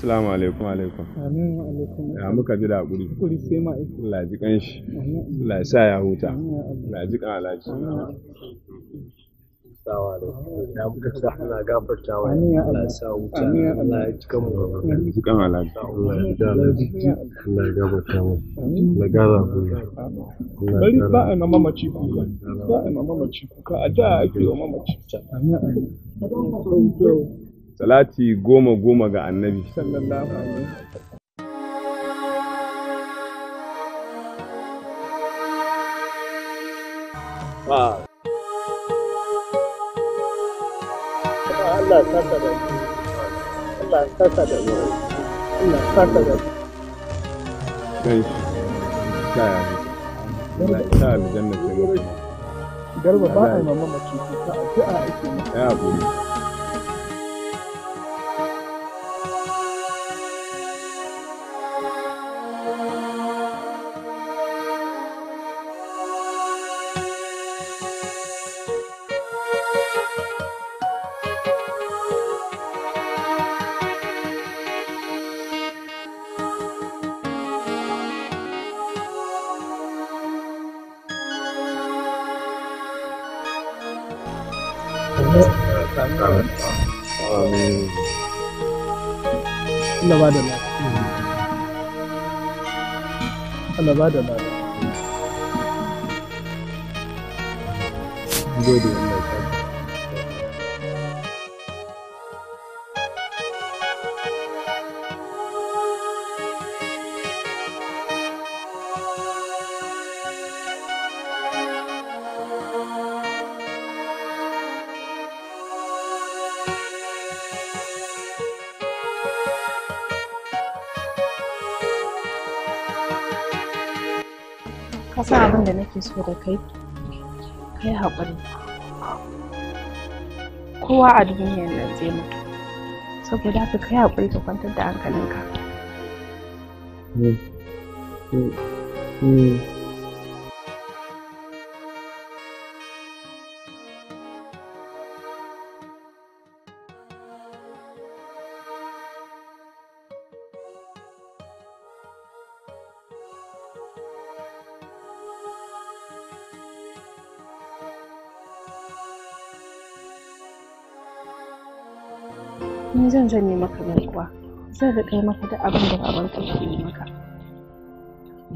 Assalamu alaikum alaikum. Ya muka ji da hakuri. sai ma kan shi. sa ya huta. Allah kan alaji. Ya muka sa ana gafarta wa. ya Allah. sa huta. Allah. Ya mu. alaji. Allah ya Allah ya gafarta mu. Allah ya mu. Bari ba a mamaci kuka. Ba a mamaci kuka. A da ake wa mamaci. Amin salati goma goma ga annabi sallallahu alaihi Wow. Allah ta da Allah ta da Allah ta da Kai Allah ta aljanna ta garba ba a mamaki ta ake ya I don't know. ka san abin da nake so da kai ka yi haƙuri kowa a duniyar nan zai mutu saboda haka ka yi haƙuri ka kwantar da hankalinka Mm. Mm. zan riƙa yi maka duk abin da babanka ke yi maka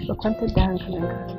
ka kwantar da hankalinka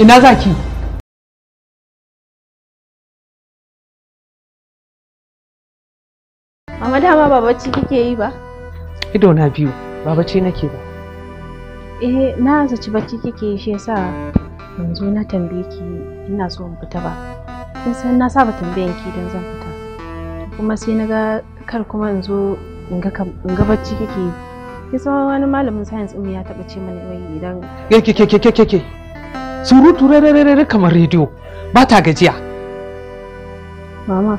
ina za ki mama dama ba kike yi ba ido na biyu ba nake ba eh na zaci bacci kike yi shi yasa yanzu na tambaye ki ina so in fita ba kin san na saba tambayan ki idan zan fita kuma sai na ga kar kuma in zo in ga bacci kike yi kisa wani malamin science din ya taba ce mana wai idan ke ke ke ke ke surutu rarararara kamar rediyo ba ta gajiya mama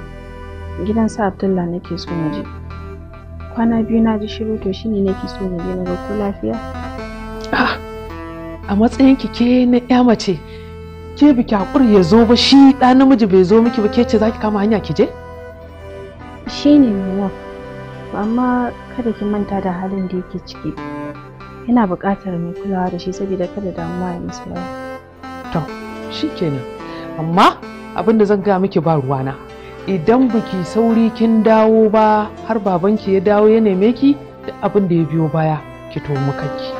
gidan sa abdullah nake so na je kwana biyu na ji shiru to shine nake so na je na ga ko lafiya ah, a matsayin ki ke na ya mace ke biki hakuri ya zo ba shi ɗa namiji bai zo miki ba ke ce zaki kama hanya ki je shine mama amma kada ki manta da halin da yake ciki yana buƙatar mai kulawa da shi saboda kada damuwa ya masa yawa shikenan amma abin da zan gaya miki ba ruwa na. idan biki sauri kin dawo ba har babanki ya dawo ya neme ki da abin da ya biyo baya ki to kanki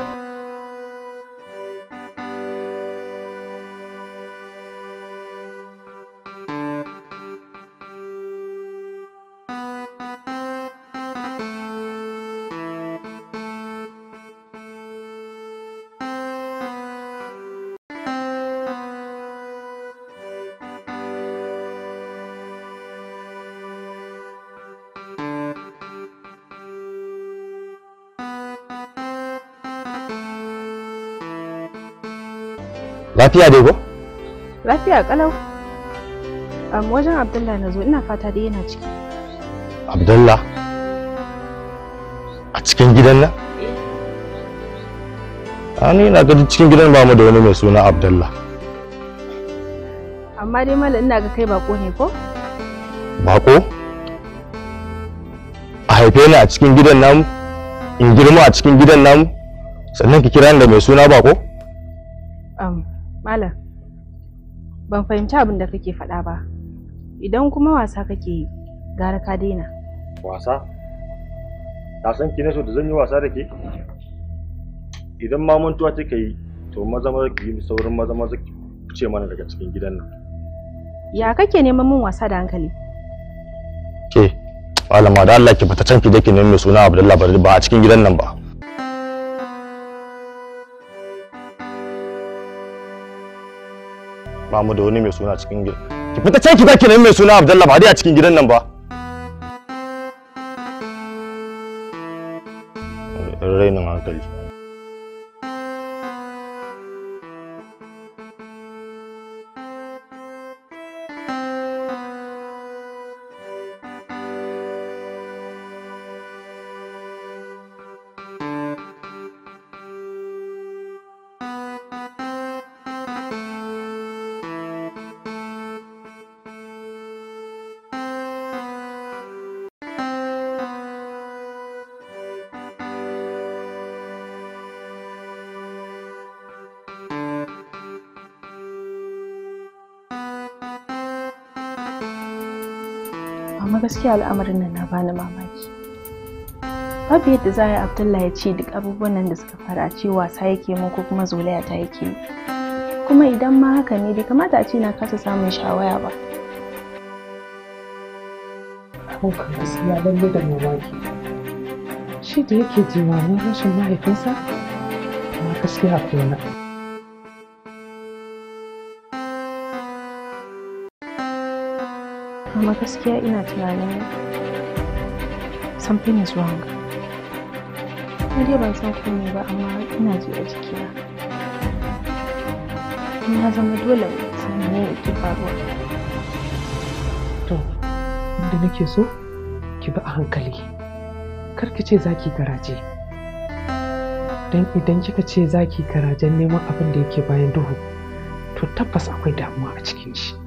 Lafiya dai ko? Lafiya kalau. Um, wajen abdullahi na zo ina fata dai yana ciki. Abdullah? A cikin gidan nan? Eh. A ni na ga cikin gidan ba mu da wani mai suna Abdullah. Amma dai mala ina ga kai bako ne ko? Bako? A haife ni a cikin gidan namu? In girma a cikin gidan namu? Sannan ki kira ni da mai suna bako? Malam, ban fahimci abin da kake faɗa ba. Idan kuma wasa kake yi, gara ka daina. Wasa? Ta san ki so da zan yi wasa da ke? Idan ma mantuwa kika yi, to maza maza ki yi saurin maza maza ki fice mana daga cikin gidan nan. Ya kake neman min wasa da hankali? Ke, malama da Allah ki fita can ki je ki nemi mai suna Abdullahi ba a cikin gidan nan ba. ba mu da wani mai suna cikin gida ki fita can ki zaki nemi mai suna Abdullah ba dai a cikin gidan nan ba rainin hankali gaskiya al'amarin nan na bani mamaki babu yadda za a yi abdullahi ya ce duk abubuwan nan da suka fara ce wasa yake mu ko kuma zolaya ta yake yi kuma idan ma haka ne bai kamata a ce na kasa samun shawaya ba hauka gaskiya lalle da mamaki shi da yake jimamin rashin mahaifinsa amma gaskiya akwai amma gaskiya ina tunanin something is wrong dai ban san komai ba amma ina ji a jikina na zama dole ne ya ki faruwa to da nake so ki bi a hankali kar ki ce zaki garaje don idan kika ce zaki garajen neman abin da yake bayan duhu to tabbas akwai damuwa a cikin shi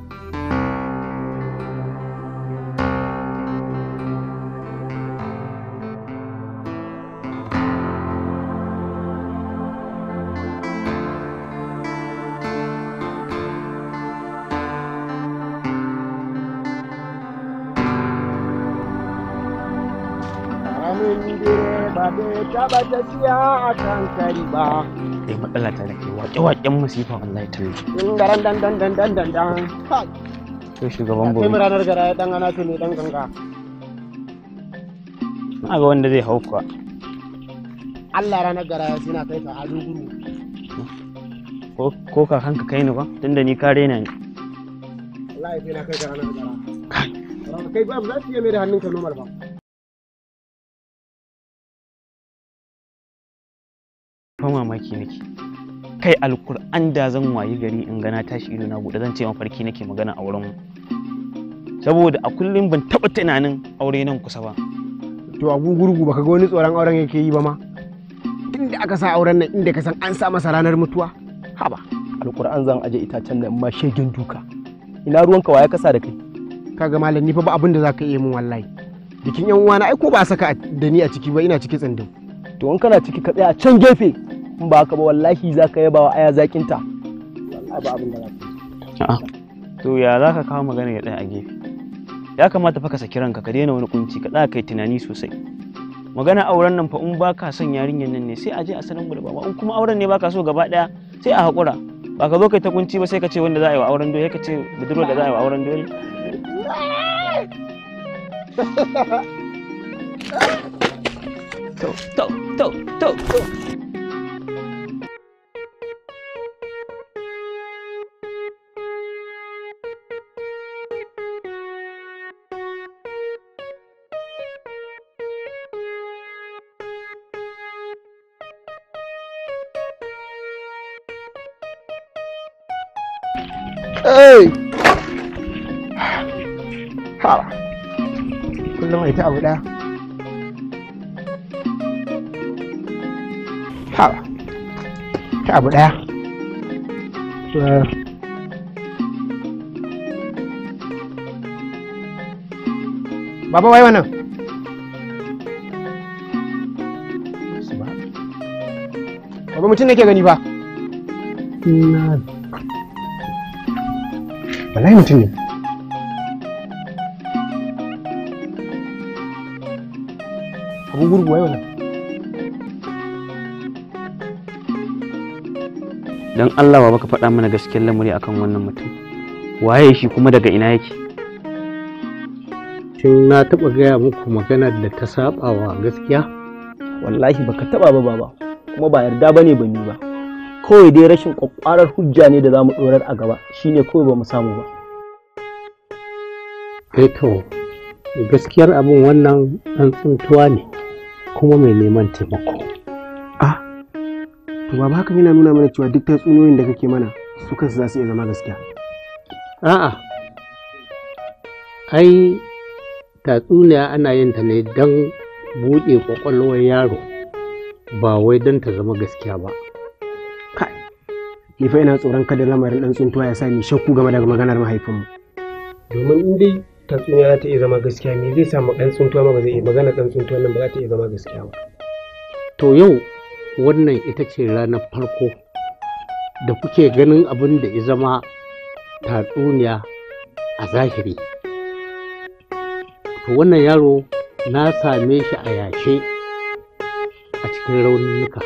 gaskiya a kan kari ba dai matsala ta nake waƙe waƙen masifa wallahi ta in garan dan dan dan dan dan dan shugaban kai ranar gara dan ana to ne dan ganga na ga wanda zai hau kuwa Allah ranar gara kai ka a ko kai ni ba tunda ni ka rena ni wallahi sai na kai ka ranar gara kai ba za su iya mai da hannunka normal ba ban mamaki nake kai alkur'an da zan wayi gari in gana tashi ido na buɗe zan ce mafarki nake magana a wurin saboda a kullum ban taba tunanin aure nan kusa ba to a gugurgu baka ga wani tsoron auren yake yi ba ma Inda aka sa auren nan inda ka san an sa masa ranar mutuwa haba alkur'an zan aje itacen nan ma shegen duka ina ruwanka waya kasa da kai kaga malam ni fa ba abin da zaka iya min wallahi bikin yan uwana ai ko ba saka da ni a ciki ba ina ciki tsindin to in kana ciki ka tsaya a can gefe in ba haka ba wallahi za ka yaba wa aya zakin ta to ya za ka kawo magana ya dan a gefe ya kamata fa ka saki ranka ka daina wani kunci ka tsaya kai tunani sosai magana auren nan fa in ba ka son yarinyar nan ne sai a je a sanin da baba in kuma auren ne ba ka so gaba ɗaya sai a hakura. ba ka zo kai ta kunci ba sai ka ce wanda za a yi wa auren dole ka ce budurwa da za a yi wa auren dole to to to to to Kawa. Kullum a Ta abu ɗaya. Kawa. Ta abu ɗaya. Baba wai wannan. Baba mutum nake gani ba. Wallahi mutum ne. abin dan Allah ba ka faɗa mana gaskiyar lamuri akan wannan mutum waye shi kuma daga ina yake shin na taɓa gaya muku magana da ta saba wa gaskiya wallahi baka taɓa ba baba kuma ba yarda bane ba ni ba kawai dai rashin kwakwarar hujja ne da za mu ɗorar a gaba shine kawai ba mu samu ba eh to gaskiyar abin wannan dan tsuntuwa ne kuma mai neman taimako A ah, to ba hakan yana nuna mana cewa duk tatsuniyoyin da kake mana su kansu za su iya zama gaskiya a'a ai tatsuniya ana yin ta ne don buɗe ƙwaƙwalwar yaro ba wai don ta zama gaskiya ba ni fa ina tsoron kada lamarin ɗan tsuntuwa ya sa ni shakku game da maganar mahaifinmu domin dai tatsuniya za ta iya zama gaskiya me zai samu ɗan tsuntuwa ma ba zai iya magana ɗan tsuntuwa nan ba za ta iya zama gaskiya ba to yau wannan ita ce ranar farko da kuke ganin abin da ya zama tatsuniya a zahiri to wannan yaro na same shi a yashe a cikin raunuka.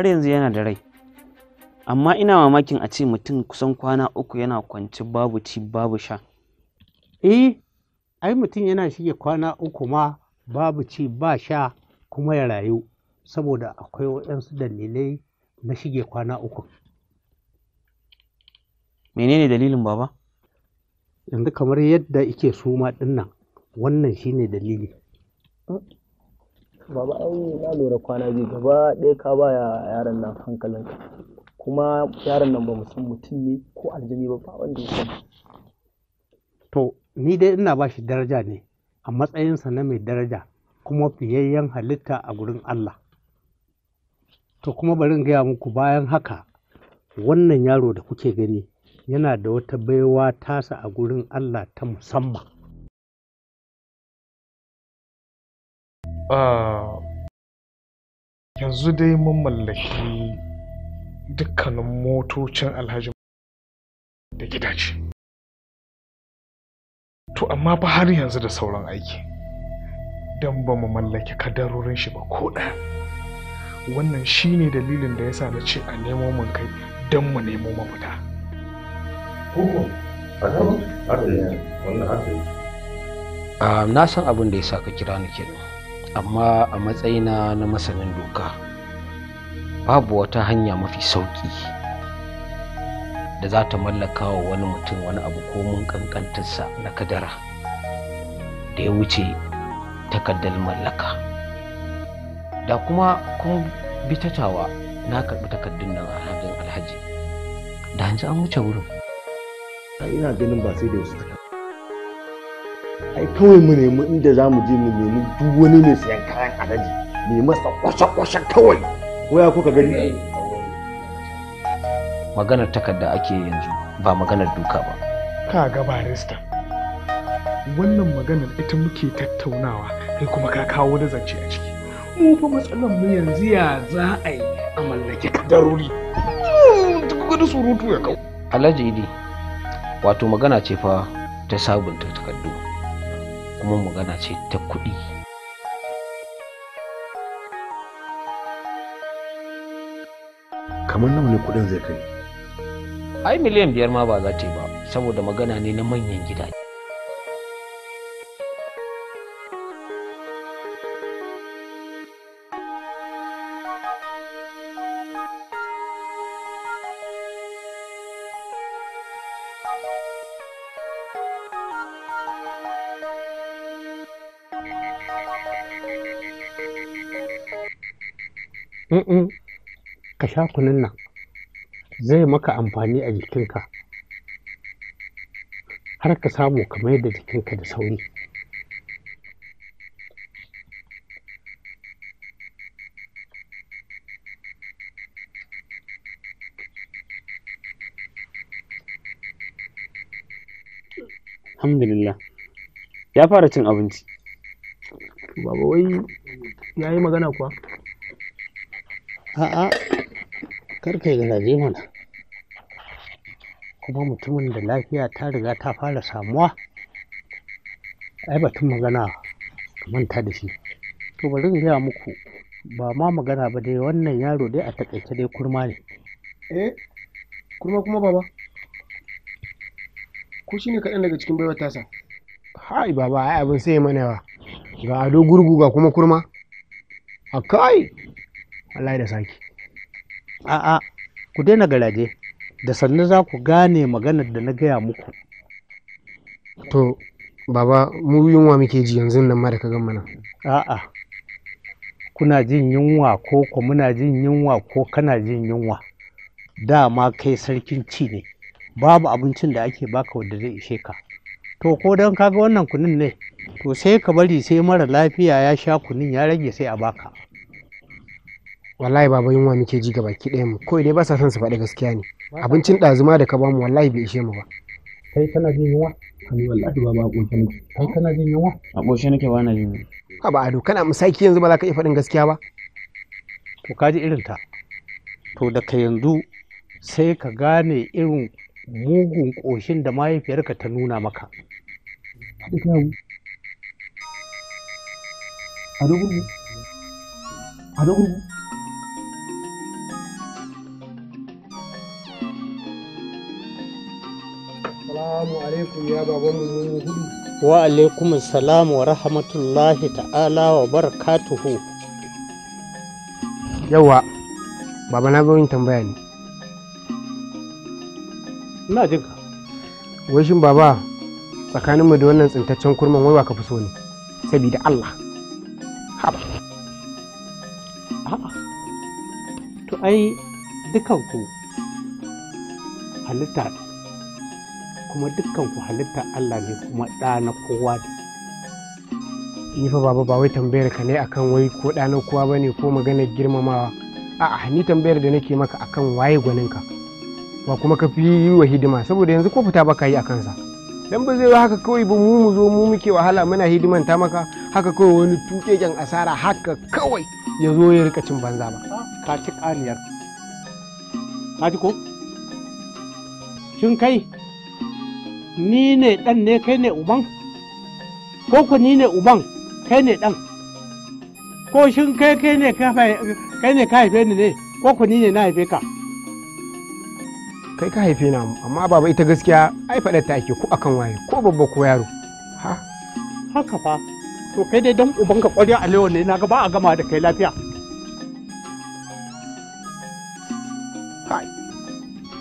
har yanzu yana da rai amma ina mamakin a ce mutum kusan kwana uku yana kwanci babu ci babu sha eh ai mutum yana shige kwana uku ma babu ci ba sha kuma ya rayu saboda akwai waɗansu dalilai na shige kwana uku menene dalilin baba yanzu kamar yadda ike suma ɗin wannan shine dalili baba ai na lura kwana biyu gaba ɗaya ka ba yaron nan hankalin kuma yaron nan ba mu san mutum ne ko aljani ba ba wanda ya to ni dai ina ba shi daraja ne a matsayinsa na mai daraja kuma fiyayyen halitta a gurin Allah to kuma bari in gaya muku bayan haka wannan yaro da kuke gani yana da wata baiwa tasa a gurin Allah ta musamman Ah, yanzu dai mun mallaki dukkanin motocin alhaji da gidaje to amma fa har yanzu da sauran aiki don ba mu mallaki kadarorin shi ba ko ɗaya wannan shine dalilin da ya sa na ce a nemo mun kai don mu nemo mafita ah, na san abin da ya sa ka kira ni kenan amma a matsayina na masanin doka babu wata hanya mafi sauƙi da za ta mallaka wa wani mutum wani abu ko mun kankantarsa na kadara da ya wuce takardar mallaka da kuma kun bitatawa na karɓi takardun nan a alhaji da hanzu an wuce wurin ina ganin ba sai da wasu takaddun ai kawai mu nemi inda za mu je mu nemi duk wani mai sayan kayan alaji mai masa kwashe-kwashe kawai ya kuka gani maganar takarda ake yanzu ba maganar duka ba ka ga barista wannan maganar ita muke tattaunawa kai kuma ka kawo da zance a ciki mu fa matsalar mu yanzu ya za a yi a mallaki kadarori hmm, duk surutu ya kawo alhaji idi wato magana ce fa ta sabunta takardu kuma magana ce ta kuɗi kamar nawa ne kuɗin zai kai ai miliyan biyar ma ba za ta yi ba saboda magana ne na manyan gidaje in ka sha kunun nan zai maka amfani a jikinka har ka samu ka mai da jikinka da sauri alhamdulillah ya fara cin abinci baba wai ya yi magana kuwa A'a, karka yi garaje mana. Kuma mutumin da lafiya ta riga ta fara samuwa, ai batun magana manta da shi. To bari in gaya muku ba ma magana ba dai wannan yaro dai a takaice dai kurma ne. Eh, kurma kuma baba. Ko shi ne kaɗan daga cikin baiwar tasa? Hai baba, ai abin sai mana yawa. Ga ado gurgu ga kuma kurma. A kai! Allah da saki a'a ku daina garaje da sannu za ku gane maganar da na gaya muku to baba mu yunwa muke ji yanzu nan ma da ka gama nan a'a kuna jin yunwa ko ku muna jin yunwa ko kana jin yunwa dama kai sarkin ci ne babu abincin da ake baka wanda zai ishe ka to ko don kaga wannan kunin ne to sai ka bari sai mara lafiya ya sha kunin ya rage sai a baka wallahi baba yunwa muke ji gaba ki ɗaya mu kawai dai ba sa son su faɗi gaskiya ne abincin ɗazuma da ka ba mu wallahi bai ishe mu ba kai kana jin yunwa kai wallahi baba a ƙoshe nake kai kana jin yunwa a ƙoshe nake ba na jin ha ba ado kana musaki yanzu ba za ka iya faɗin gaskiya ba to ka ji irin ta to daga yanzu sai ka gane irin mugun ƙoshin da mahaifiyarka ta nuna maka a dogon a dogon Assalamu alaikum ya baban mu hudu. Wa alaikum salam wa rahmatullahi ta'ala wa barakatuhu. Yawa, baba na yin tambaya ne. Ina jin ka. Wai shin baba tsakanin mu da wannan tsintaccen kurman wai ba ka fi so ne saboda Allah. Haba. A'a. To ai dukanku halitta kuma dukkan ku halitta Allah ne kuma ɗa na kowa ne ni fa baba ba wai tambayar ka ne akan wai ko ɗa na kowa bane ko magana girmamawa a'a ni tambayar da nake maka akan waye gwanin ka ba kuma ka fi yi wa hidima saboda yanzu ko fita baka yi a kansa dan ba zai haka kawai ba mu mu zo mu muke wahala muna hidiman ta maka haka kawai wani tuƙeƙen asara haka kawai ya zo ya rika cin banza ba ka ci kariyar. ka ji ko shin kai ni ne ɗan ne kai ne uban ko ku ni ne uban kai ne ɗan ko shin kai kai ne ka haife ni ne ko ku ni ne na haife ka kai ka haife na amma baba ita gaskiya ai faɗa ta ake ko akan waye ko babba ko yaro ha haka fa to kai dai dan uban ka ƙwarya a lewon ne naga ba a gama da kai lafiya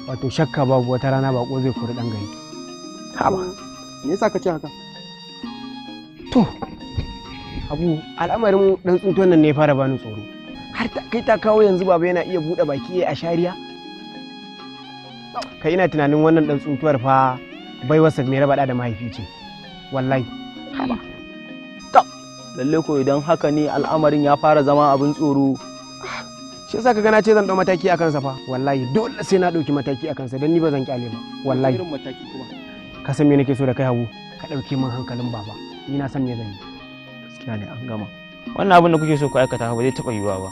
wato shakka babu wata rana bako zai kuri dan gari haba mm. me yasa ka ce haka to abu al'amarin dan tsuntuwan nan ne fara bani tsoro har ta kai ta kawo yanzu baba yana iya buɗe baki a shariya kai ina tunanin wannan dan tsuntuwar fa bai wasa mai raba da mahaifi ce wallahi haba lalle ko idan haka ne al'amarin ya fara zama abin tsoro shi yasa ka gana ce zan ɗau mataki akan sa fa wallahi dole sai na dauki mataki akan sa dan ni ba zan kyale ba wallahi irin mataki kuma ka san me nake so da kai hagu ka ɗauke min hankalin baba ni na san me zan yi gaskiya ne an gama wannan abin da kuke so ku aikata ba zai taɓa yiwuwa ba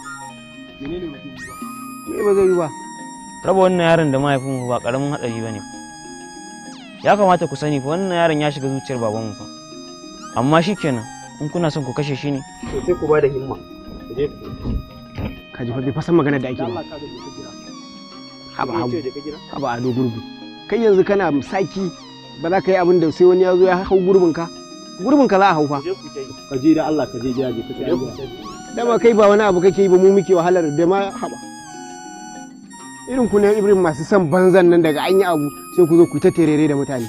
me ba zai yi ba raba wannan yaron da mahaifin ba karamin hadari ba ne ya kamata ku sani fa wannan yaron ya shiga zuciyar babanmu fa amma shikenan in kuna son ku kashe shi ne sai ku ba da himma ka ji fa san magana da ake ba haba haba a dogurgu kai yanzu kana saki ba za ka yi abin da sai wani ya zo ya hau gurbin ka gurbin ka za a hau fa ka je da Allah ka je gida je ka kai dama kai ba wani abu kake yi ba mu muke wahalar da ma haba irin ku ne ibrahim masu son banzan nan daga anya abu sai ku zo ku ta terere da mutane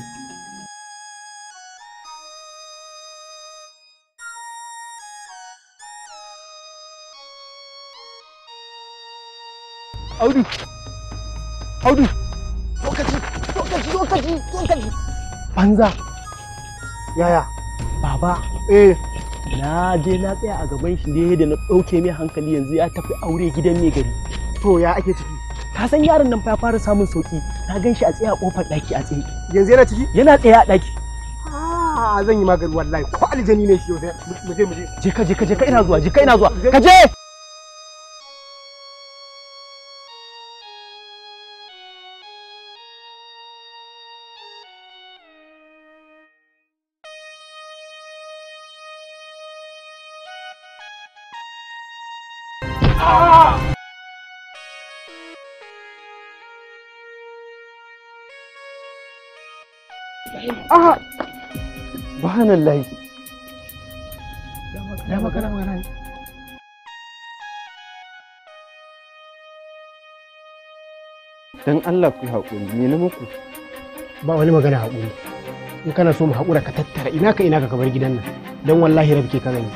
Audu! Audu! it! Don't Lokaci! it! banza yaya baba eh na je na tsaya a gaban shi ne da na ɗauke mai hankali yanzu ya tafi aure gidan mai gari to ya ake ciki ka san yaron nan fa ya fara samun sauki na gan shi a tsaye a kofar ɗaki a tsaye yanzu yana ciki yana tsaye a ɗaki a ah, zan yi magani wallahi ko aljani ne shi yau mu je mu je je ka je ka je ka ina zuwa je ka ina zuwa ka je subhanallahi ya magana magana ne dan Allah ku haƙuri ne na muku ba wani magana haƙuri in kana so mu haƙura ka tattara ina ka ina ka bar gidan nan dan wallahi rabke ka gani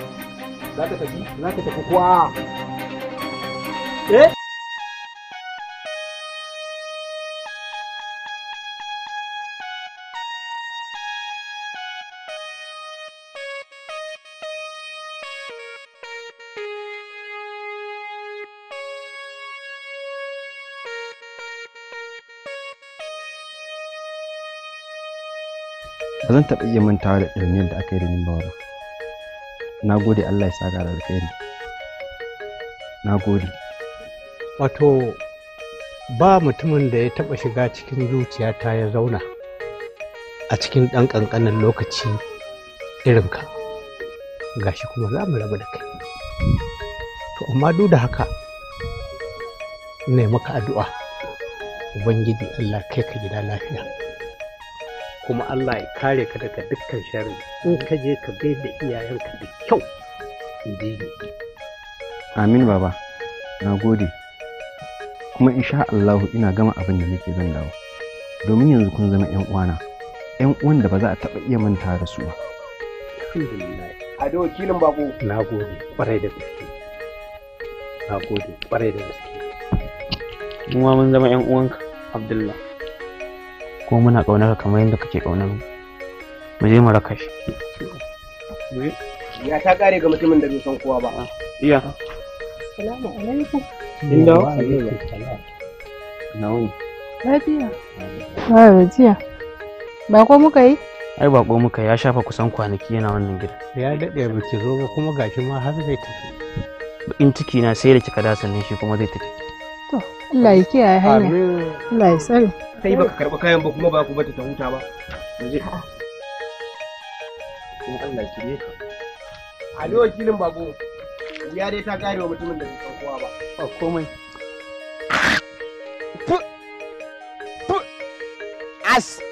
za ka tafi za ka tafi kuwa eh ba zan taɓa iya mantawa da ɗirniyar da aka yi da ni ba na gode Allah ya saka da alkhairi na gode wato ba mutumin da ya taɓa shiga cikin zuciyata ya zauna a cikin ɗan ƙanƙanin lokaci irinka gashi kuma za mu rabu da kai to amma duk da haka ne maka addu'a ubangiji allah kai ka gida lafiya kuma Allah ya kare ka daga dukkan sharri in ka je ka bai da iyayenka da kyau dini amin baba na gode kuma insha Allahu ina gama abin da nake zan dawo domin yanzu kun zama ƴan uwana ƴan uwan da ba za a taba iya manta da su ba a wakilin bako na gode kwarai da gaske na gode kwarai da gaske mun zama ƴan uwanka abdullahi ko muna ƙaunar ka kamar yadda kake ƙaunar mu mu je mu raka shi ya ta kare ga mutumin da bai san kowa ba ah, iya salamu alaikum inda wa na'u lafiya ba gajiya ba ko muka yi ai bako muka ya shafa kusan kwanaki yana wannan gida ya daɗe ba ki zo ba kuma gashi ma har zai tafi in ciki na sai da kika da sannan shi kuma zai tafi to Allah ya kiyaye hanya Allah ya tsare sai baka karba kayan ba kuma ba ku bata ta huta ba yanzu in Allah ki ka a wakilin bago ya dai ta kare wa mutumin da bai kowa ba ba komai as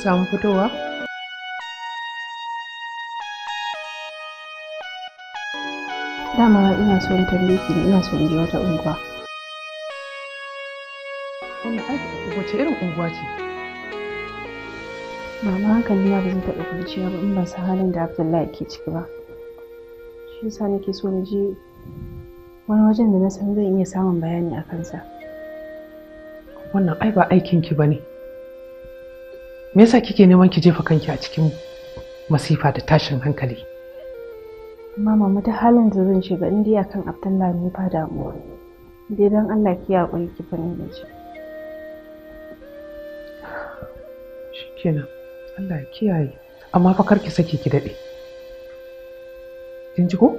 sun samu fitowa? dama ina so in tambaye ki ina so in je wata unguwa wannan aiki wace irin unguwa ce mama Hakan na ba zai taɓa kwanciya ba in ba san halin da abdullahi ke ciki ba shi yasa nake so na je wani wajen da na san zan iya samun bayani a kansa wannan ai ba aikinki ba ne me yasa kike neman ki jefa kanki a cikin masifa da tashin hankali mama mata halin da zan shiga indiya kan abdullahi ne ba damuwa dai don allah ki yaƙuri ki fani da shi shikenan allah ya kiyaye amma fa kar ki saki ki daɗe kin ji ko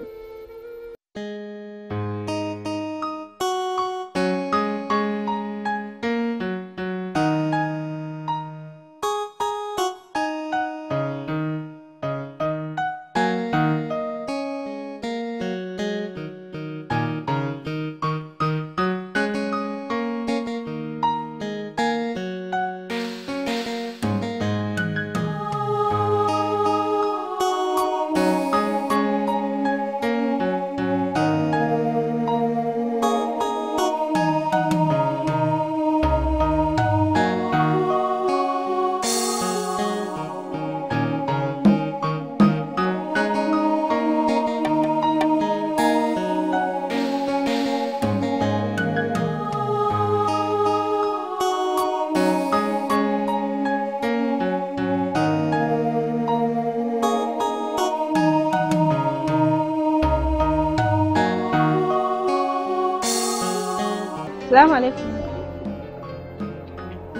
Salamu alaikum.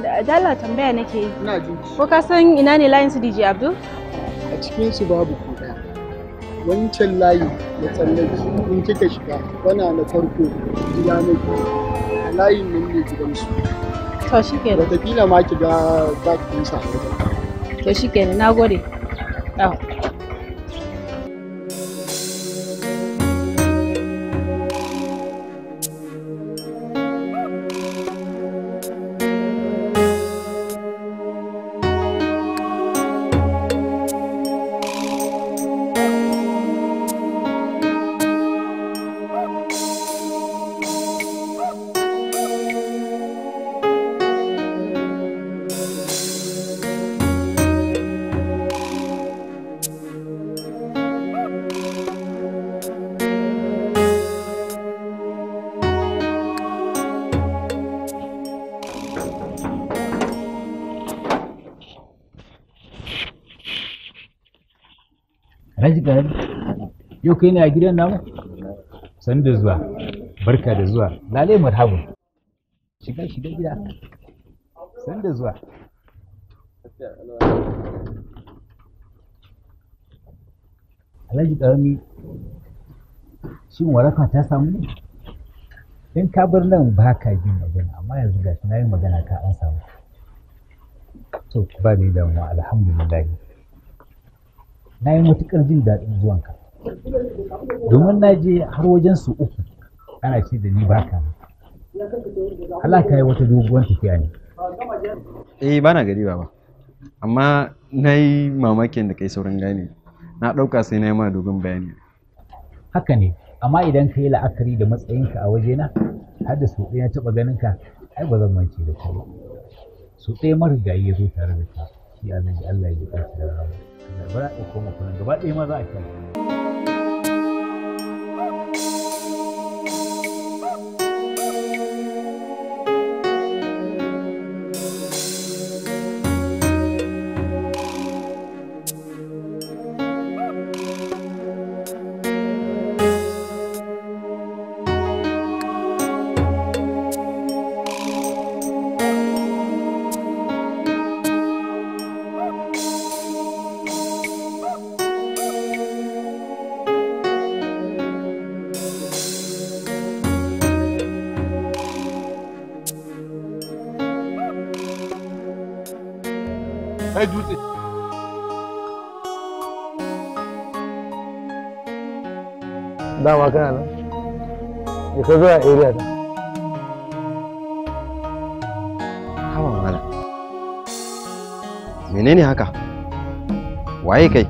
Da Adala tambaya nake yi. Ina jin Ko ka san ina ne layin su DJ Abdul? A cikin su babu ko ɗaya. Wancan layi na tsallaki in kika shiga bana na farko gida na biyu. layin nan ne gidan su. To shikenan. Wataƙila ma ki ga bakin sa To shi To shikenan, nagode. Yau. Alhaji Garin, yau kai ne a gidan namu? San da zuwa, barka da zuwa, lalai marhabu. Shiga shiga gida, san da zuwa. Alhaji ƙarami shin waraka ta samu ne? In ka bar nan ba ka yi magana, amma yanzu ga shi na yi magana ka an samu. To, ba ni damuwa, alhamdulillah. na yi matuƙar jin daɗin zuwanka domin na je har wajen su uku ana ce da ni baka ka yi wata doguwar tafiya ne eh ba na gari ba amma na yi mamakin da kai saurin gane na ɗauka sai na yi ma dogon bayani haka ne amma idan ka yi la'akari da matsayinka a wajena har da sau ɗaya taɓa ganin ka ai ba zan mance da kai ba sau ɗaya marigayi ya zo tare da ka shi Allah ya ji Allah ya ji da rama ba za a iya koma kullum gaba ɗaya ma za a kyau dama kana nan da ka zo a area ta hawa mana menene haka waye kai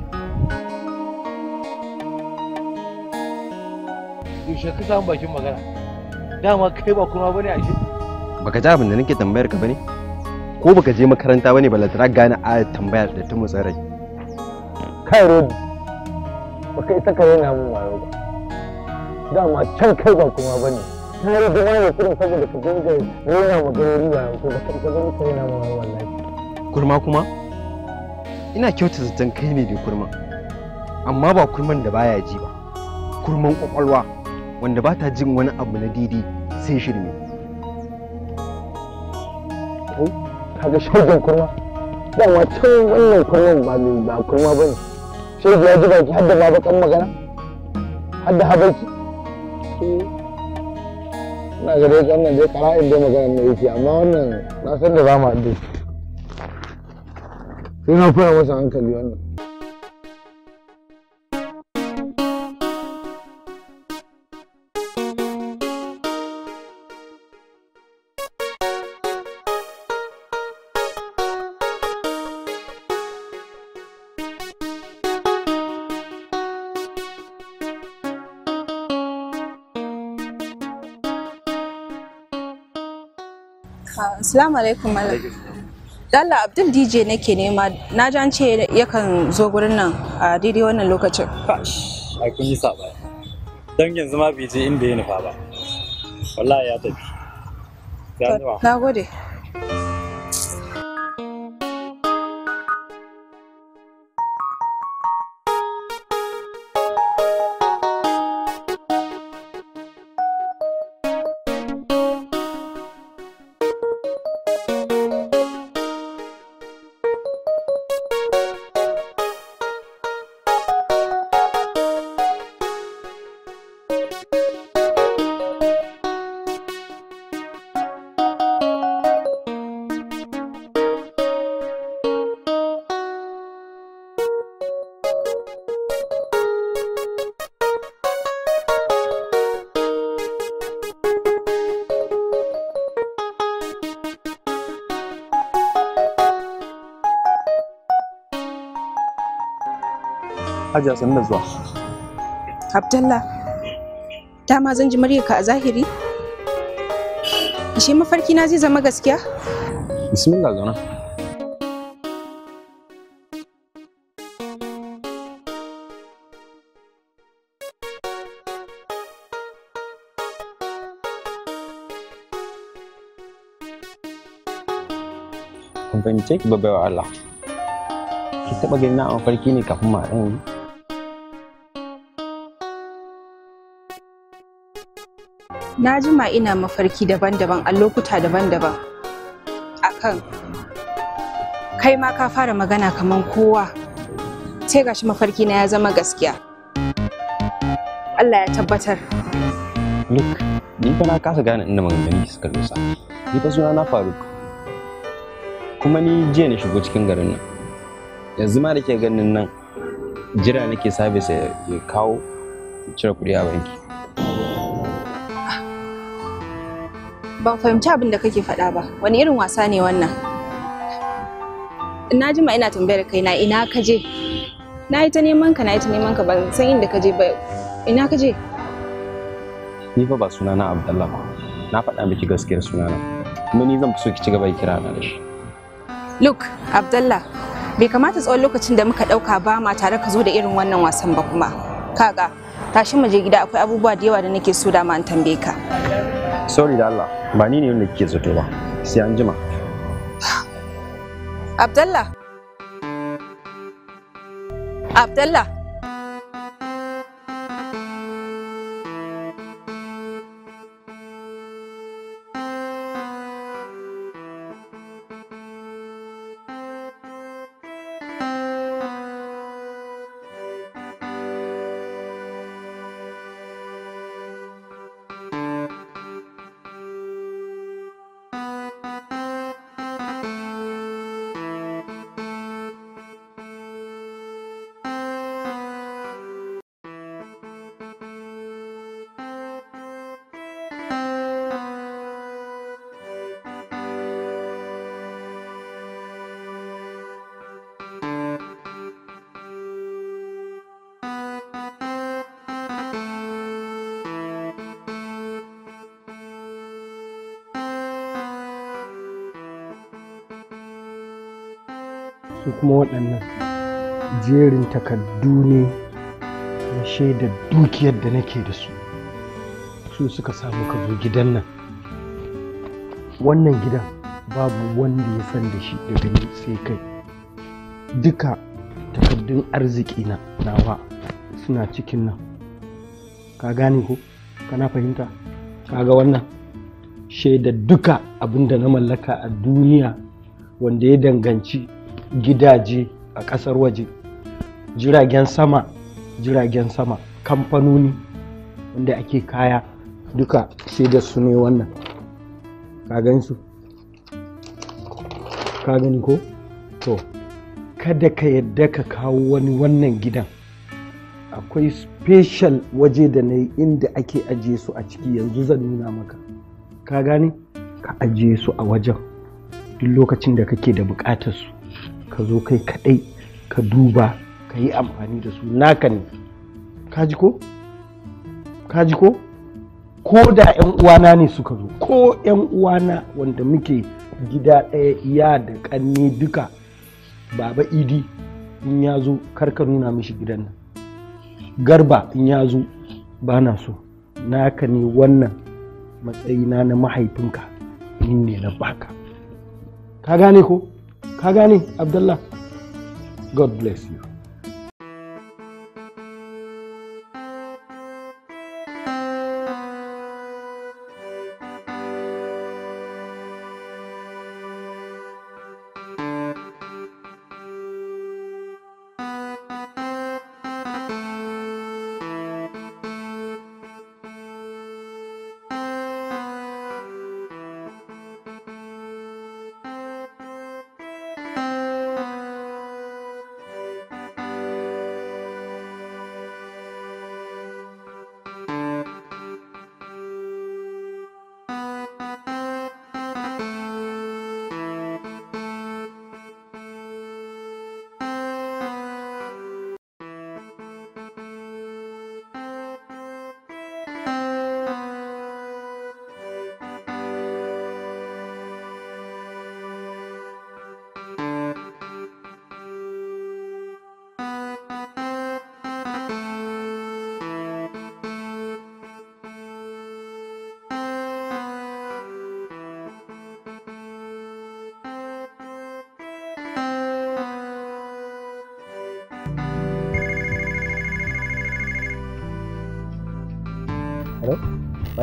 yaushe ka samu bakin magana dama kai ba kuma bane a shi baka ji abin da nake tambayar ka bane ko baka je makaranta bane balantana gane a tambayar da ta mutsarai kai rodi baka isa kare rena mun wayo ba dama can kai ba kuma ba ne ta yi zama ne kurin saboda ka dinga rena ma garuri ba yanku ba ka gani ka rena ma wallahi kurma kuma ina kyauta zaton kai ne da kurma amma ba kurman da baya ji ba kurman kwakwalwa wanda ba ta jin wani abu na didi sai shirme kaga shaidan kurma dama can wannan kurman ba ne ba kurma ba ne ya ji baki har da babakan magana har da habaki ina ga dai nan je ƙara'in inda magana mai yake amma wannan na san da za mu haɗu sai na fara masa hankali wannan Assalamu alaikum malam. Dalla Abdul DJ nake nema. Na ji an ce yakan zo gurin nan a daidai wannan lokacin. ai kun yi saba. Dan yanzu ma bai je inda ya nufa ba. Wallahi ya tafi. Ya Na gode. hajiya sannu zuwa abdallah dama zan ji ka a zahiri ishe mafarki na zai zama gaskiya bismillah zauna kun fahimce ki babbar Allah ki taɓa ganin na mafarki ne kafin ma ɗan na jima ina mafarki daban-daban a lokuta daban-daban a kan kai ma ka fara magana kaman kowa sai gashi mafarki na ya zama gaskiya Allah ya tabbatar Luke ni fa na kasa gane inda maganganu suka dosa ni fa suna na Faruk kuma ni jiya na shigo cikin garin nan yanzu ma da ke ganin nan jira nake sabis ya kawo cire kuɗi a banki Ban fahimci abin da kake faɗa ba. Wani irin wasa ne wannan? Na jima ina tambayar kaina ina ka je. Na yi ta neman ka na yi ta neman ka ban san inda ka je ba. Ina ka je? Ni fa ba sunana Abdullah ba. Na faɗa miki gaskiyar sunana. Kuma ni zan fi so ki ci gaba kira na da shi. Look, Abdullah, bai kamata tsawon lokacin da muka ɗauka ba ma tare ka zo da irin wannan wasan ba kuma. Kaga, tashi mu je gida akwai abubuwa da yawa da nake so da ma an tambaye ka. sorry da Allah ba ni ne wanda kike zato ba sai an jima Abdallah Abdallah kuma waɗannan jerin takardu ne na shaidar dukiyar da nake da su su suka samu ka zo gidan nan wannan gidan babu wanda ya san da shi daga ni sai kai duka takardun arziki na nawa suna cikin nan ka gane ko kana fahimta kaga wannan shaida duka abin na mallaka a duniya wanda ya danganci gidaje a ƙasar waje jiragen sama jiragen sama kamfanoni wanda ake kaya duka sai su ne wannan ka gan su ka gani ko to kada ka yadda ka kawo wani wannan gidan akwai special waje da na yi inda ake ajiye su a ciki yanzu zan nuna maka ka gane ka ajiye su a wajen duk lokacin da kake da bukatar su ka zo kai kaɗai ka duba ka yi amfani da su naka ne kaji ko kaji ko ko da 'yan uwana ne suka zo ko 'yan uwana wanda muke gida ɗaya iya da ƙanni duka baba idi in ya zo ka nuna mishi gidan nan garba in ya zo ba na so naka ne wannan matsayina na mahaifinka ni ne na baka ka gane ko खा Abdullah God bless you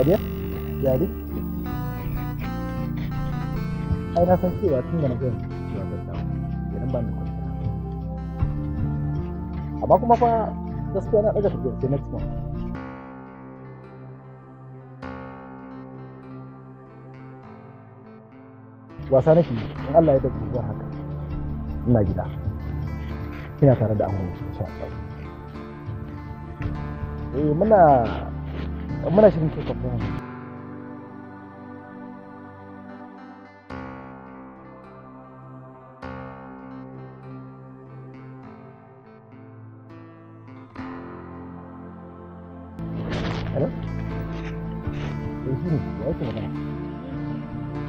Sadiya? Yari? Ai na san cewa tun da na gani cewa zan dawo idan ba ni kwanta. Amma kuma fa gaskiya na ɗaga tafiyar sai next month. Wasa na shi in Allah ya dace zan haka. Ina gida. Ina tare da amma insha Allah. Eh muna muna shirin kyautar da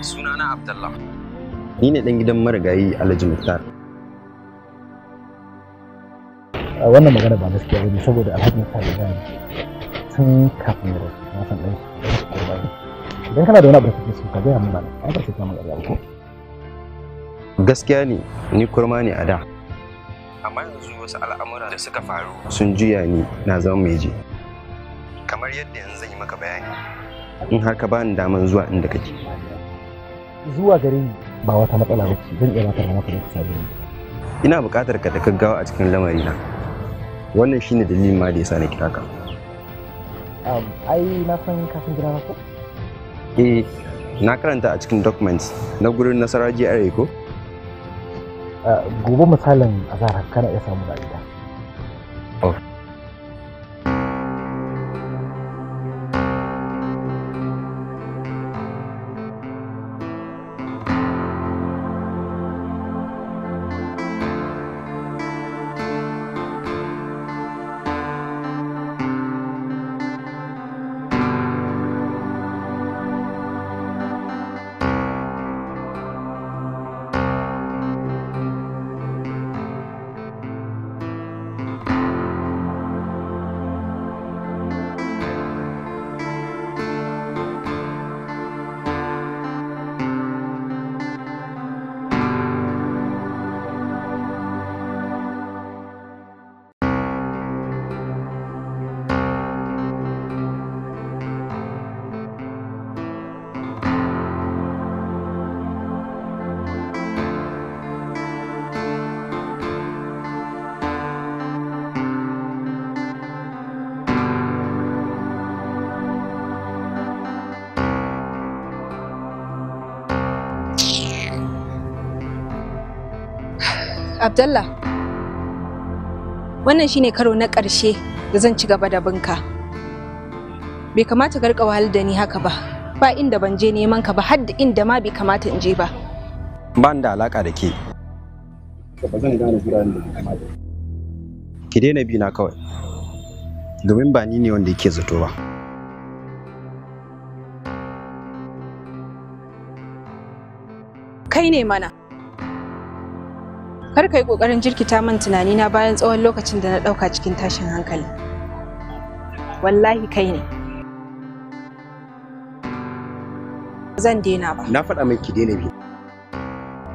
Sunana Abdullah. Ni ne ɗan gidan marigayi Alhaji Muktar. Wannan magana ba gaskiya ba ne saboda Alhaji Muktar ya gane. kafin gaskiya ne ni kurma ne a da amma yanzu wasu al'amuran da suka faru sun juya ni na zama mai je kamar yadda yanzu zan yi maka bayani in har ka bani daman zuwa inda kake zuwa gare ni ba wata matsala ba zan iya da maka da ina buƙatar ka da gaggawa a cikin lamarina wannan shine dalilin ma da yasa na kira ka Um, ai na san kasan gida na ko? eh na karanta a cikin documents na gurin nasara GRA ko? Uh, gobe misalin azahar kana iya samu ita. gida. Oh. Abdallah, wannan shine karo na ƙarshe da zan ci gaba da binka. Bai kamata ka riƙa wahal da ni haka ba, ba inda ban je neman ka ba har da inda ma bai kamata in je ba. Ba da alaka da ke. Ba zan gane guraren da kamata. Ki daina bi na kawai. Domin ba ni ne wanda yake zato ba. Kai ne mana. kar ka yi ƙoƙarin jirkita min na bayan tsawon lokacin da na ɗauka cikin tashin hankali wallahi kai ne zan daina ba na faɗa mai ki daina bi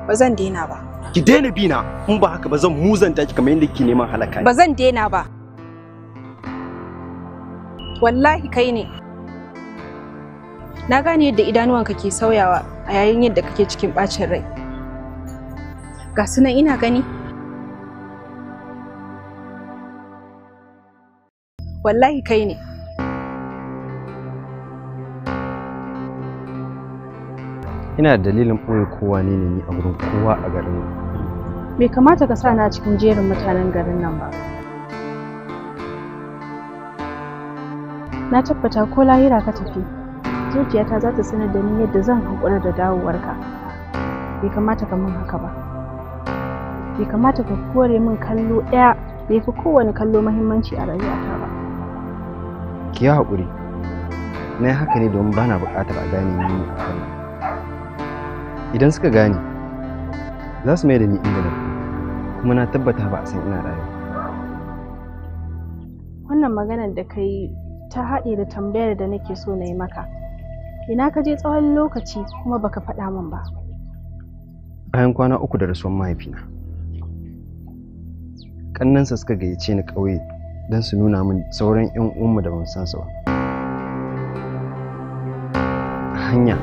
ba zan daina ba ki daina bi na in ba haka ba zan muzanta ki kamar yadda ki neman halaka ba zan daina ba wallahi kai ne na gane yadda idanuwanka ke sauyawa a yayin yadda kake cikin ɓacin rai ga nan ina gani wallahi kai ne ina da dalilin ɓoye kowa ne ne a gurin kowa a garin bai kamata ka sa na cikin jerin mutanen garin nan ba na tabbata ko lahira ka tafi zuciyata za ta sanar da ni yadda zan haƙura da dawowarka bai kamata ka mun haka ba bai kamata ka kore min kallo ɗaya bai ya fi kowane kallo mahimmanci a rayuwata ba ki yi haƙuri na yi haka ne domin bana buƙatar a gane ni a kan idan suka gane za su mai da ni inda kuma na tabbata ba a san ina rayuwa wannan maganar da ka yi ta haɗe da tambayar da nake so na yi maka ina ka je tsawon lokaci kuma baka faɗa min ba bayan kwana uku da rasuwan mahaifina kannansa suka gayyace ni ƙauye don su nuna min sauran 'yan uwanmu da ban san su ba hanya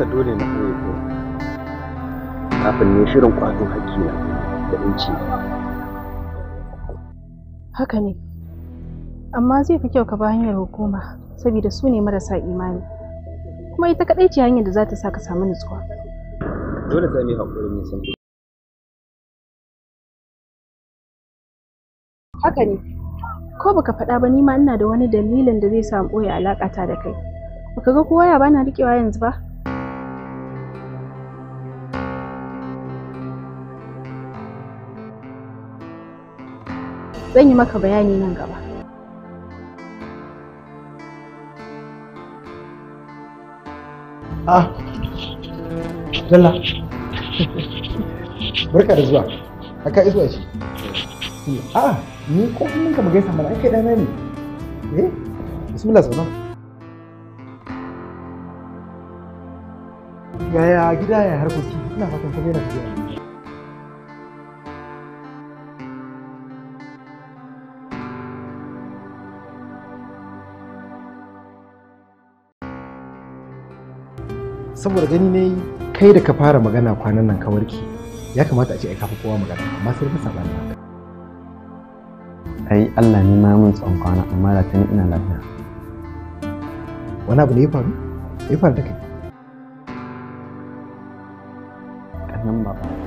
haka dole na kai ko kafin ne shirin kwato hakkina da inci haka ne amma zai fi kyau ka ba hanyar hukuma saboda su ne marasa imani kuma ita kadai ce hanyar da za ta sa ka samu nutsuwa dole sai mai hakuri ne san haka ne ko baka faɗa ba ni ma ina da wani dalilin da zai samu ɓoye alaƙa ta da kai baka ga kowa ya bana riƙewa yanzu ba zan yi maka bayani nan gaba ah Dalla barka da zuwa aka isuwa ce ah ni ko hannun ka magaisa mana ake dana ne eh bismillah sallam yaya gida ya harkoki ina fatan kuma yana tafiya saboda gani ne kai da ka fara magana kwanan nan ka ya kamata a ce ai kafa kowa magana amma sai ka saba ni haka ai Allah ne ma mun tsawon kwana amma da tani ina lafiya wani abu ne ya faru ya faru da kai kannan baba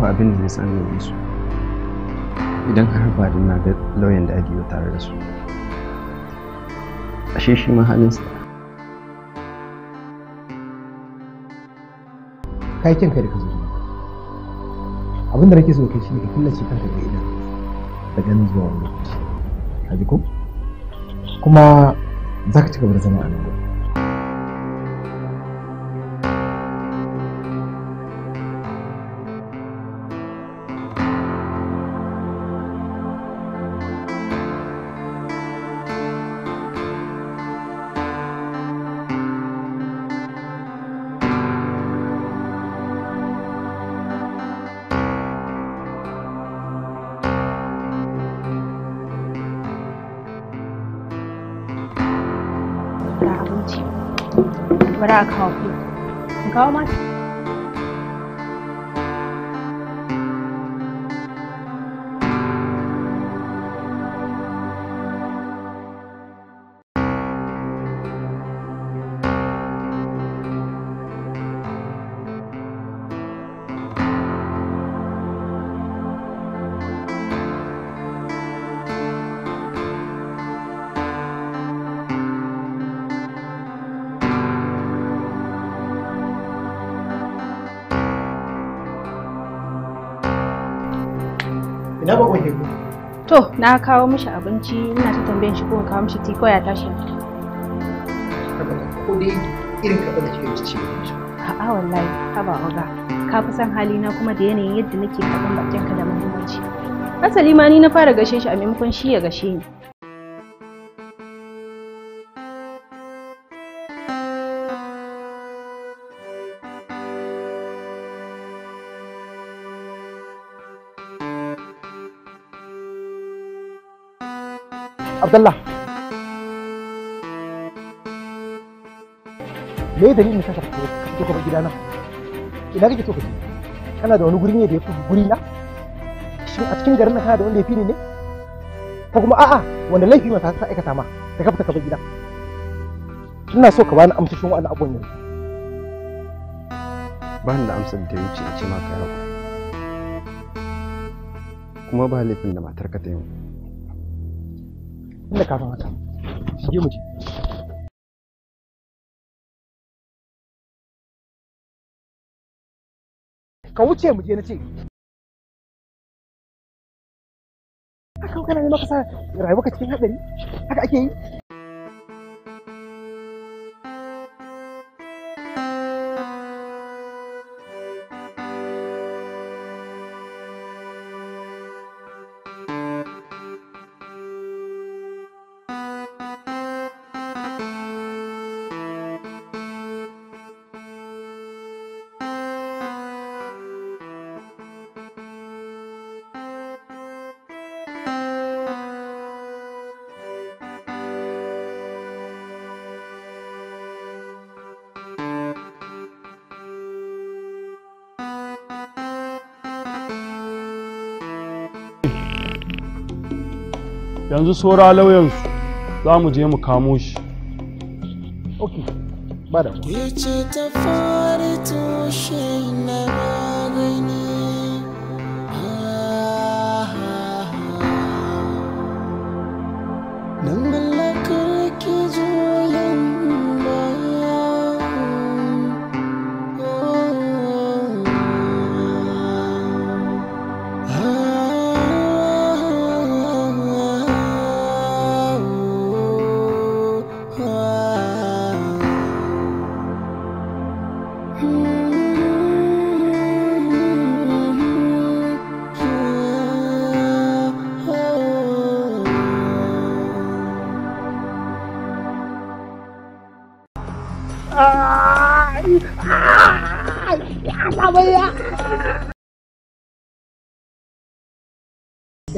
babu abin da zai tsangare su idan har ba da na ga lauyan da adiyo tare da su ashe shi ma halinsa kai kin kai da ka zo abin da nake so kai shi ne ka killace kanka ga idan da ganin zuwa wani lokaci ka ji ko kuma za ka ci gaba da zama a nan gaba to na kawo mishi abinci ina ta tambayin shi ko in kawo mishi tiko ya tashi ko dai irin kaɗan da kike ci a'a wallahi ba oga ka fi san halina kuma da yanayin yadda nake bakin ka da muhimmanci asali ma ni na fara gashe shi a maimakon shi ya gashe ni abdallah me ya dalilin ka fito ka fito ka gidana ina kake so ka kana da wani guri ne da ya fi guri na shin a cikin garin nan kana da wanda ya fi ni ne ko kuma a'a wanda laifi ma ta aikata ma da ka fita ka bar gida ina so ka bani amsashin wa'annan abubuwan yanzu ba ni da amsar da ya wuce a ce maka yau kuma ba laifin da matar ka ta yi inda kafin haka shige mu je ka wuce mu je na ce haka kana ne maka sa rayuwa ka cikin hadari haka ake yi yanzu saura lauyansu za mu je mu kamo shi ok ba da ta na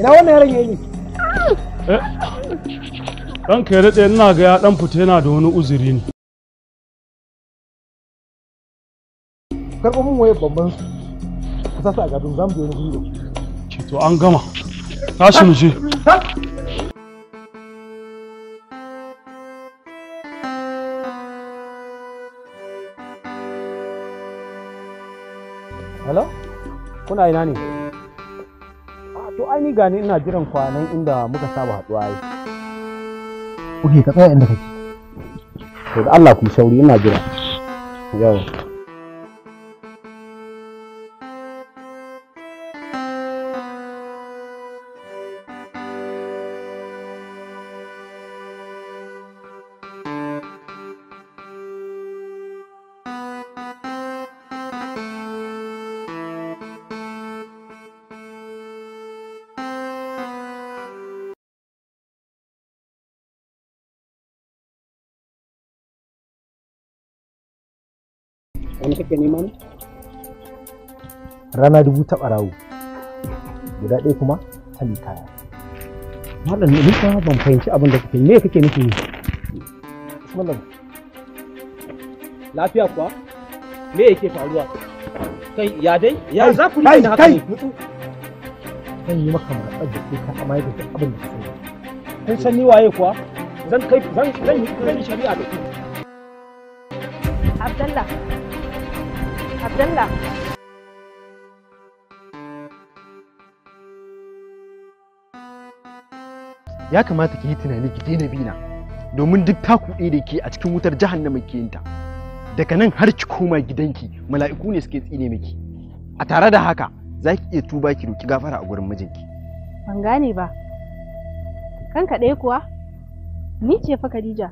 ina wannan yaron yayi eh? ranka ya daɗe ina ga ya ɗan fita yana da wani uzuri ne karɓar waye babban ka sasa a gadon zamu je wani ce to an gama tashi mu je Hello? Kuna ina ne? ni gani ina jiran kwanan inda muka saba haɗuwa yi. Kuke ka tsaya inda kake. To da Allah ku sauri ina jira. Yawa. kake nema ne? Rana dubu ta ɓarawo, guda ɗaya kuma hali kaya. Malam ni ban fahimci abin da kake me kake nufi ne? Lafiya kuwa? Me yake faruwa? Kai ya dai? Ya za ku rike haka kai mutu. Zan yi maka matsar da ke ka amai da abin da kake. Kun san ni waye kuwa? Zan kai zan zan yi shari'a da ku. Abdallah, Abdallah. Ya kamata ki yi tunani ki daina bina domin duk taku ɗaya da ke a cikin wutar jahannama ke yinta. Daga nan har ki koma gidanki mala'iku ne suke tsine miki. A tare da haka za ki iya tuba ki roki gafara a gurin mijinki. Ban gane ba. Kanka ɗaya kuwa? Ni ce fa Khadija.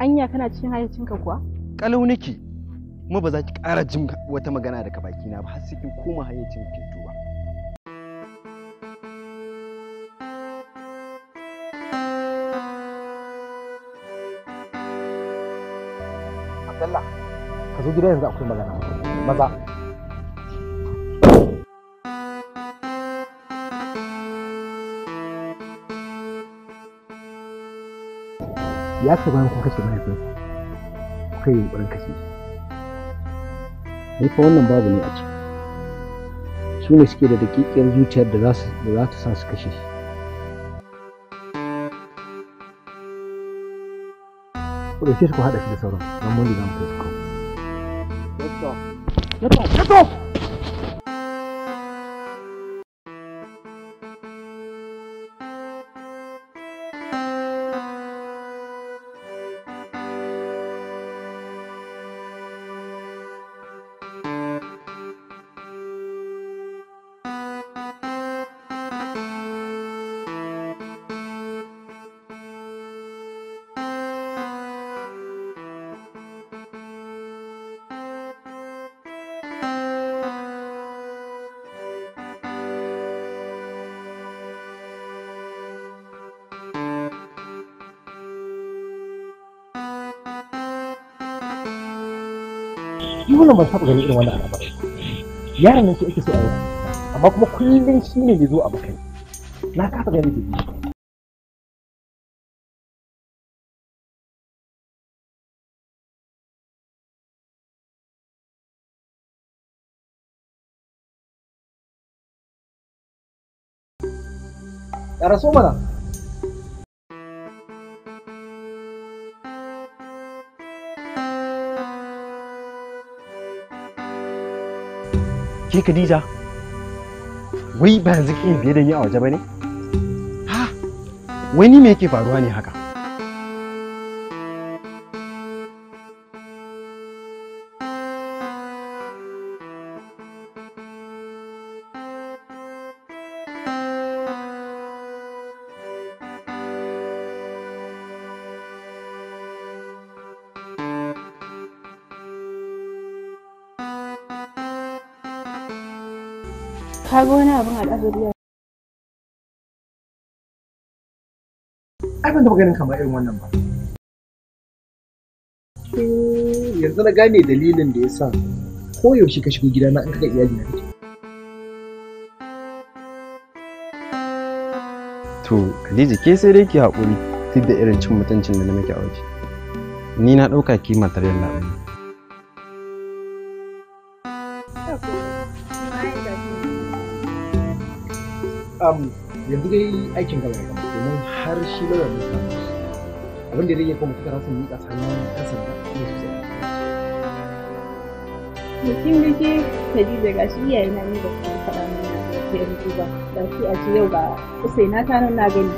Anya kana cikin hayacinka kuwa? Kalau nake kuma ba za ki ƙara jin wata magana daga bakina ba har sai kin koma hayyacin ki tuba Abdullah ka zo gida yanzu akwai magana maza ya ce bayan kun kashe mahaifinsa kuka yi ƙoƙarin kashe shi ni wannan babu ne a ciki su ne suke da dakikiyar zuciyar da za ta sa su kashe shi ku haɗa shi da sauran don mun da kai su kawo. wannan ban saba gani irin wannan al'amari yaran nan shi ake so a yi amma kuma kullum shi ne bai zo a bakai na kasa gani bai Ya rasu mana. Ke Khadija, wai ba yanzu iya biye da ni a waje bane ne? Ha, wai me yake faruwa ne haka? ka ga wani abin al'ajabi a ai ban taɓa ganin kamar irin wannan ba eh, yanzu na gane dalilin da ya sa koyaushe ka shigo gidana in kaga iyali na kake to Khadija ke sai dai ki haƙuri duk da irin cin mutuncin da na muke a waje ni na ɗauka ki matar yalla yanzu dai aikin gaba ya domin har shi lauyan mun samu abin da yi kuma kira sun miƙa sannan kasan da ne su sai mutum da ke Khadija ga shi iyaye na ne ba su faɗa min na sai rubu ba da su a ce yau ba Usaina ta nan na gani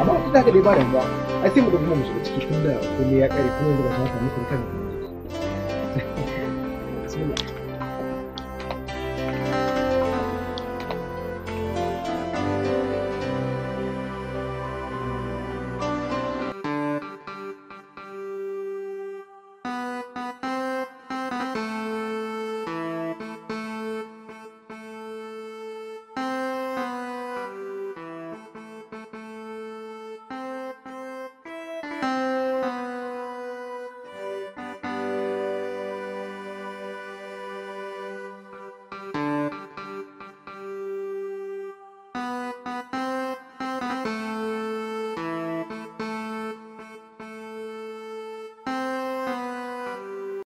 amma wata ka dai ba da ruwa ai sai mu ga kuma mu shiga ciki da komai ya kare kuma yanzu ba ta samu kan